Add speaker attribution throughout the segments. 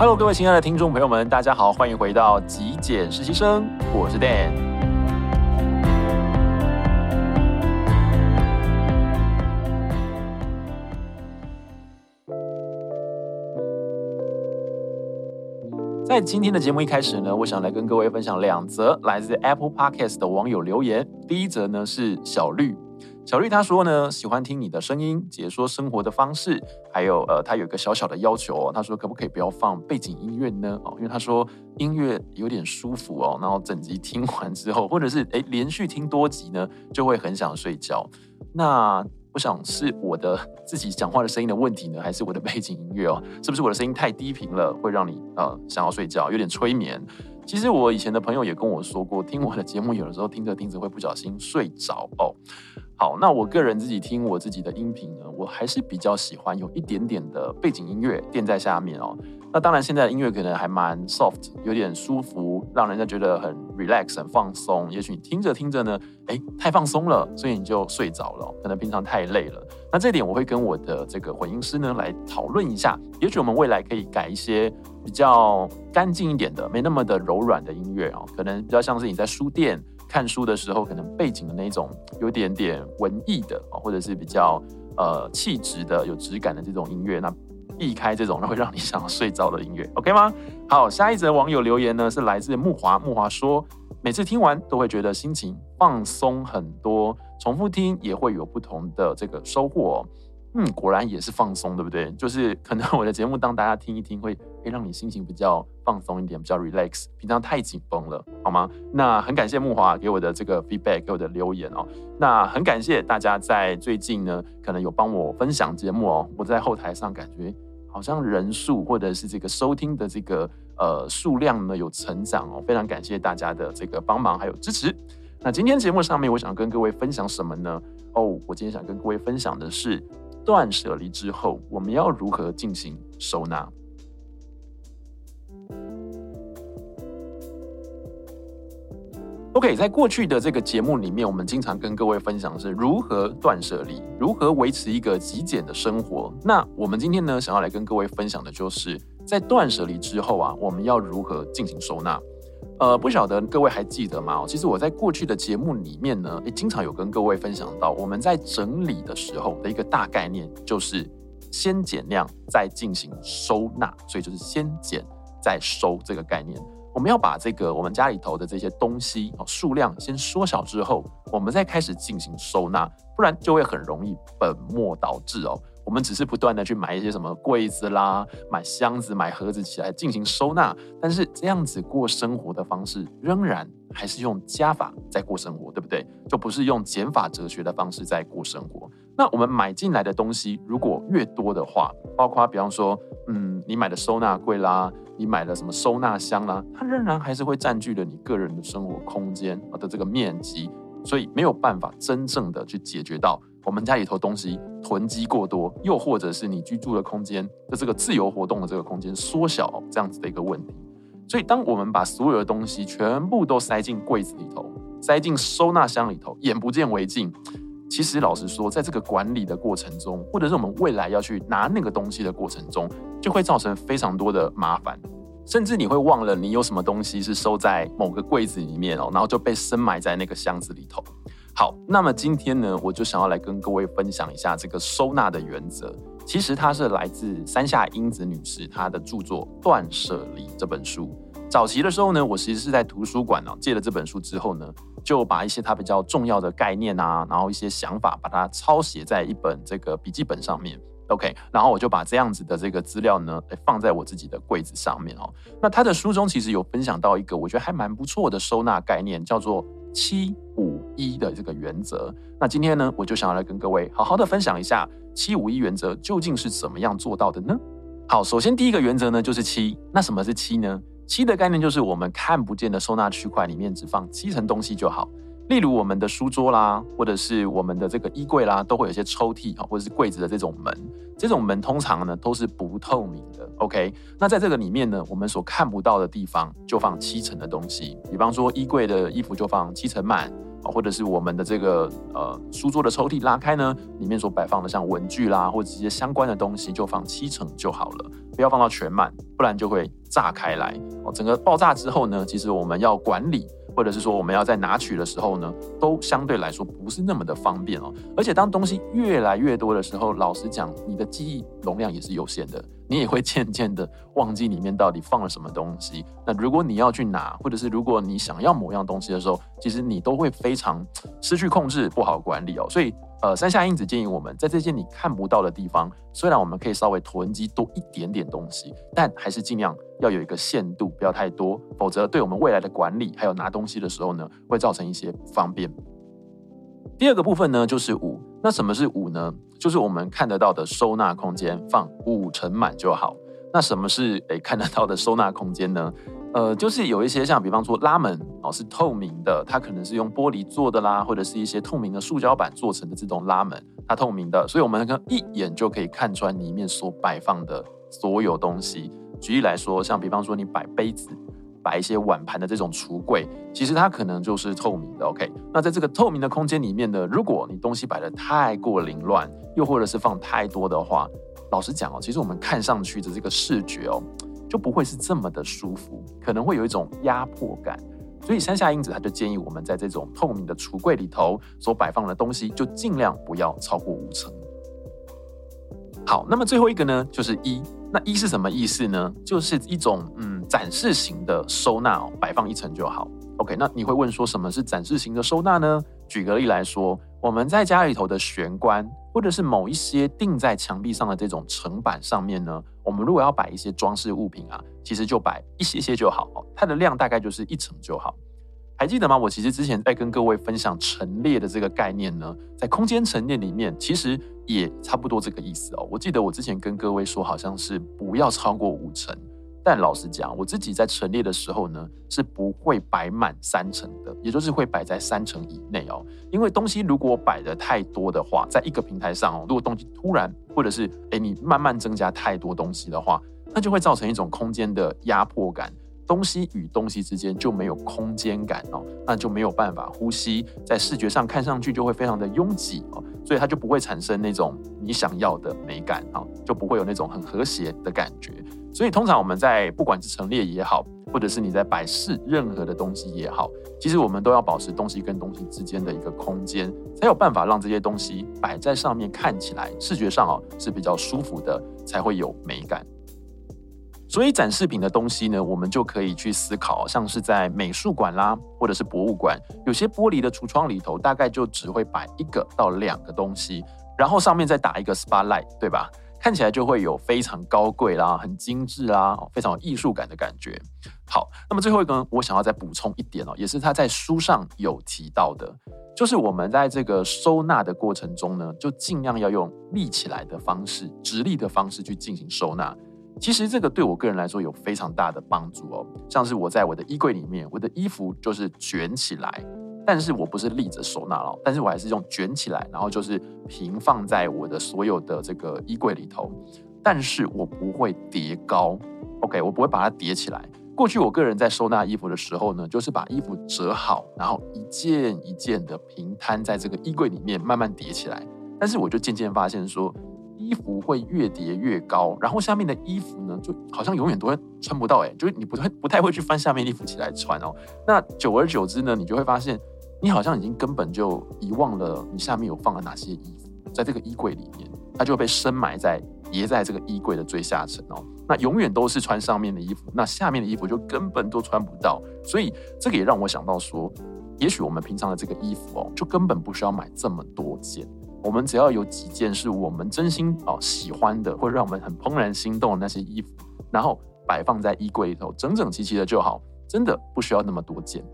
Speaker 1: Hello，各位親愛的聽眾朋友們，大家好，歡迎回到極簡實習生，我是 Dan。在今天的節目一開始呢，我想來跟各位分享兩則來自 Apple Podcast 的網友留言。第一則呢，是小綠。小綠他說呢，喜歡聽你的聲音，解說生活的方式，還有呃，他有一個小小的要求哦。他說，可不可以不要放背景音樂呢？哦，因為他說音樂有點舒服哦。然後整集聽完之後，或者是誒、欸，連續聽多集呢，就會很想睡覺。那我想是我的自己講話的聲音的問題呢，還是我的背景音樂哦？是不是我的聲音太低頻了，會讓你呃想要睡覺，有點催眠？其實我以前的朋友也跟我說過，聽我的節目，有的時候聽着聽着會不小心睡着哦。好，那我個人自己聽我自己的音頻呢，我還是比較喜歡有一點點的背景音樂墊在下面哦。那當然，現在音樂可能還蠻 soft，有點舒服，讓人家覺得很 relax、很放鬆。也許你聽着聽着呢，誒，太放鬆了，所以你就睡着了。可能平常太累了，那這點我會跟我的這個混音師呢來討論一下，也許我們未來可以改一些。比較乾淨一點的，沒那麼的柔軟的音樂哦。可能比較像是你在書店看書的時候，可能背景的那種，有點點文藝的，或者是比較呃氣質的，有質感的這種音樂，那避開這種會讓你想要睡着的音樂，OK 嗎？好，下一則網友留言呢是來自木華，木華說，每次聽完都會覺得心情放鬆很多，重複聽也會有不同的這個收穫哦。嗯，果然也是放鬆，對不對？就是可能我的節目當大家聽一聽會，會讓你心情比較放鬆一點，比較 relax。平常太緊繃了，好嗎？那很感謝木華給我的這個 feedback，給我的留言哦。那很感謝大家在最近呢，可能有幫我分享節目哦。我在後台上感覺好像人數或者是這個收聽的這個呃數量呢有成長哦，非常感謝大家的這個幫忙還有支持。那今天節目上面我想跟各位分享什麼呢？哦，我今天想跟各位分享的是。斷捨離之後，我們要如何進行收納？OK，在過去的這個節目裡面，我們經常跟各位分享的是如何斷捨離，如何維持一個極簡的生活。那我們今天呢，想要來跟各位分享的就是，在斷捨離之後啊，我們要如何進行收納。呃，不曉得各位還記得嗎？其實我在過去的節目裡面呢，也經常有跟各位分享到，我們在整理的時候的一個大概念，就是先減量再進行收納，所以就是先減再收這個概念。我們要把這個我們家裡頭的這些東西哦，數量先縮小之後，我們再開始進行收納，不然就會很容易本末倒置哦。我們只是不斷的去買一些什麼櫃子啦，買箱子、買盒子起來進行收納，但是這樣子過生活的方式，仍然還是用加法在過生活，對不對？就不是用減法哲學的方式在過生活。那我們買進來的東西，如果越多的話，包括比方說，嗯，你買的收納櫃啦，你買的什麼收納箱啦，它仍然還是會佔據了你個人的生活空間的這個面積，所以沒有辦法真正的去解決到，我們家裡頭東西囤積過多，又或者是你居住的空間的這個自由活動的這個空間縮小，這樣子的一個問題。所以，當我們把所有的東西全部都塞進櫃子裡頭，塞進收納箱裡頭，眼不見為淨。其實，老實說，在這個管理的過程中，或者是我們未來要去拿那個東西的過程中，就會造成非常多的麻煩，甚至你會忘了你有什麼東西是收在某個櫃子裡面哦，然後就被深埋在那個箱子裡頭。好，那麼今天呢，我就想要來跟各位分享一下這個收納的原則。其實它是來自山下英子女士她的著作《斷捨離》這本書。早期的時候呢，我其實是在圖書館、啊、借了這本書之後呢，就把一些它比較重要的概念啊，然後一些想法，把它抄寫在一本這個筆記本上面。OK，然後我就把這樣子的這個資料呢，放在我自己的櫃子上面哦、啊。那她的書中其實有分享到一個我覺得還蠻不錯的收納概念，叫做。七五一的這個原則，那今天呢，我就想要來跟各位好好的分享一下七五一原則究竟是怎麼樣做到的呢？好，首先第一個原則呢，就是七，那什麼是七呢？七的概念就是我們看不見的收納區塊裡面只放七成東西就好。例如我們的書桌啦，或者是我們的這個衣櫃啦，都會有一些抽屜啊，或者是櫃子的這種門。這種門通常呢，都是不透明的。OK，那在這個裡面呢，我們所看不到的地方就放七成的東西。比方說衣櫃的衣服就放七成滿，或者是我們的這個呃書桌的抽屜拉開呢，裡面所擺放的像文具啦，或者一些相關的東西就放七成就好了，不要放到全滿，不然就會炸開來。哦，整個爆炸之後呢，其實我們要管理。或者是說，我們要在拿取的時候呢，都相對來說不是那麼的方便哦。而且當東西越來越多的時候，老實講，你的記憶容量也是有限的，你也會漸漸的忘記裡面到底放了什麼東西。那如果你要去拿，或者是如果你想要某樣東西的時候，其實你都會非常失去控制，不好管理哦。所以，呃，山下英子建議我們在這些你看不到的地方，雖然我們可以稍微囤積多一點點東西，但還是盡量。要有一個限度，不要太多，否則對我們未來的管理還有拿東西的時候呢，會造成一些不方便。第二個部分呢，就是五。那什麼是五呢？就是我們看得到的收納空間放五成滿就好。那什麼是誒看得到的收納空間呢？呃，就是有一些像比方說拉門哦，是透明的，它可能是用玻璃做的啦，或者是一些透明的塑膠板做成的這種拉門，它透明的，所以我們看一眼就可以看穿裡面所擺放的所有東西。舉例來說，像比方說你擺杯子，擺一些碗盤的這種櫥櫃，其實它可能就是透明的。OK，那在這個透明的空間裡面呢，如果你東西擺得太過凌亂，又或者是放太多的話，老實講哦，其實我們看上去的這個視覺哦，就不會是這麼的舒服，可能會有一種壓迫感。所以山下英子她就建議我們在這種透明的櫥櫃裡頭所擺放的東西，就尽量不要超過五成。好，那麼最後一個呢，就是一。那一是什麼意思呢？就是一種嗯展示型的收納，哦，擺放一層就好。OK，那你會問說什麼是展示型的收納呢？舉個例來說，我們在家裡頭的玄關或者是某一些釘在牆壁上的這種層板上面呢，我們如果要擺一些裝飾物品啊，其實就擺一些些就好哦，它的量大概就是一層就好。還記得嗎？我其實之前在跟各位分享陳列的這個概念呢，在空間陳列裡面，其實也差不多這個意思哦。我記得我之前跟各位說，好像是不要超過五層。但老實講，我自己在陳列的時候呢，是不會擺滿三層的，也就是會擺在三層以內哦。因為東西如果擺得太多的話，在一個平台上哦，如果東西突然或者是誒你慢慢增加太多東西的話，那就會造成一種空間的壓迫感。東西與東西之間就沒有空間感哦，那就沒有辦法呼吸，在視覺上看上去就會非常的擁擠哦，所以它就不會產生那種你想要的美感啊，就不會有那種很和諧的感覺。所以通常我們在不管是陳列也好，或者是你在擺設任何的東西也好，其實我們都要保持東西跟東西之間的一個空間，才有辦法讓這些東西擺在上面看起來視覺上哦是比較舒服的，才會有美感。所以展示品的東西呢，我們就可以去思考，像是在美術館啦，或者是博物館，有些玻璃的櫥窗裡頭，大概就只會擺一個到兩個東西，然後上面再打一個 spotlight，對吧？看起來就會有非常高貴啦、很精緻啦、非常有藝術感的感覺。好，那麼最後一個呢，我想要再補充一點哦，也是他在書上有提到的，就是我們在這個收納的過程中呢，就盡量要用立起來的方式、直立的方式去進行收納。其實這個對我個人來說有非常大的幫助哦。像是我在我的衣櫃裡面，我的衣服就是卷起來，但是我不是立着收納了，但是我還是用卷起來，然後就是平放在我的所有的這個衣櫃裡頭。但是我不會疊高，OK，我不會把它疊起來。過去我個人在收納衣服的時候呢，就是把衣服折好，然後一件一件的平攤在這個衣櫃裡面，慢慢疊起來。但是我就漸漸發現說。衣服會越疊越高，然後下面的衣服呢，就好像永遠都會穿不到哎、欸，就是你不太不太會去翻下面的衣服起來穿哦。那久而久之呢，你就會發現，你好像已經根本就遺忘了你下面有放了哪些衣服，在這個衣櫃裡面，它就被深埋在疊在這個衣櫃的最下層哦。那永遠都是穿上面的衣服，那下面的衣服就根本都穿不到。所以這個也讓我想到說，也許我們平常的這個衣服哦，就根本不需要買這麼多件。我們只要有幾件是我們真心哦喜歡的，會讓我們很怦然心動的那些衣服，然後擺放在衣櫃裡頭，整整齊齊的就好，真的不需要那麼多件。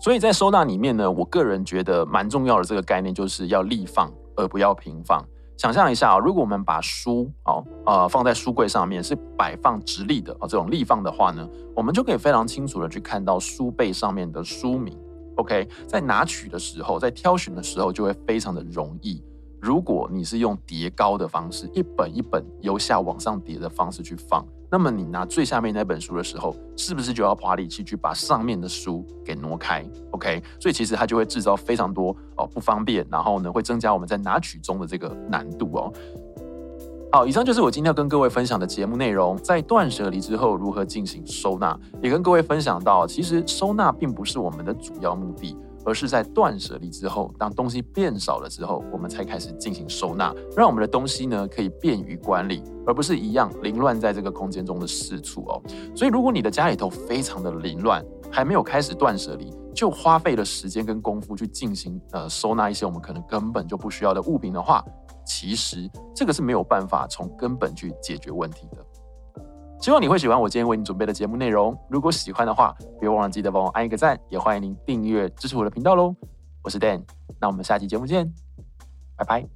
Speaker 1: 所以在收納裡面呢，我個人覺得蠻重要的這個概念就是要立放而不要平放。想象一下啊、哦，如果我們把書啊啊、哦呃、放在書櫃上面是擺放直立的啊、哦，這種立放的話呢，我們就可以非常清楚的去看到書背上面的書名。OK，在拿取的時候，在挑選的時候就會非常的容易。如果你是用疊高的方式，一本一本由下往上疊的方式去放，那麼你拿最下面那本書的時候，是不是就要花力氣去把上面的書給挪開？OK，所以其實它就會製造非常多哦不方便，然後呢會增加我們在拿取中的這個難度哦。好，以上就是我今天要跟各位分享的節目內容。在斷捨離之後，如何進行收納？也跟各位分享到，其實收納並不是我們的主要目的，而是在斷捨離之後，當東西變少了之後，我們才開始進行收納，讓我們的東西呢可以便於管理，而不是一樣凌亂在這個空間中的四處哦。所以，如果你的家裡頭非常的凌亂，還沒有開始斷捨離，就花費了時間跟功夫去進行呃收納一些我們可能根本就不需要的物品的話。其實這個是沒有辦法從根本去解決問題的。希望你會喜歡我今天為你準備的節目內容。如果喜歡的話，別忘了記得幫我按一個讚，也歡迎您訂閱支持我的頻道嘍。我是 Dan，那我們下期節目見，拜拜。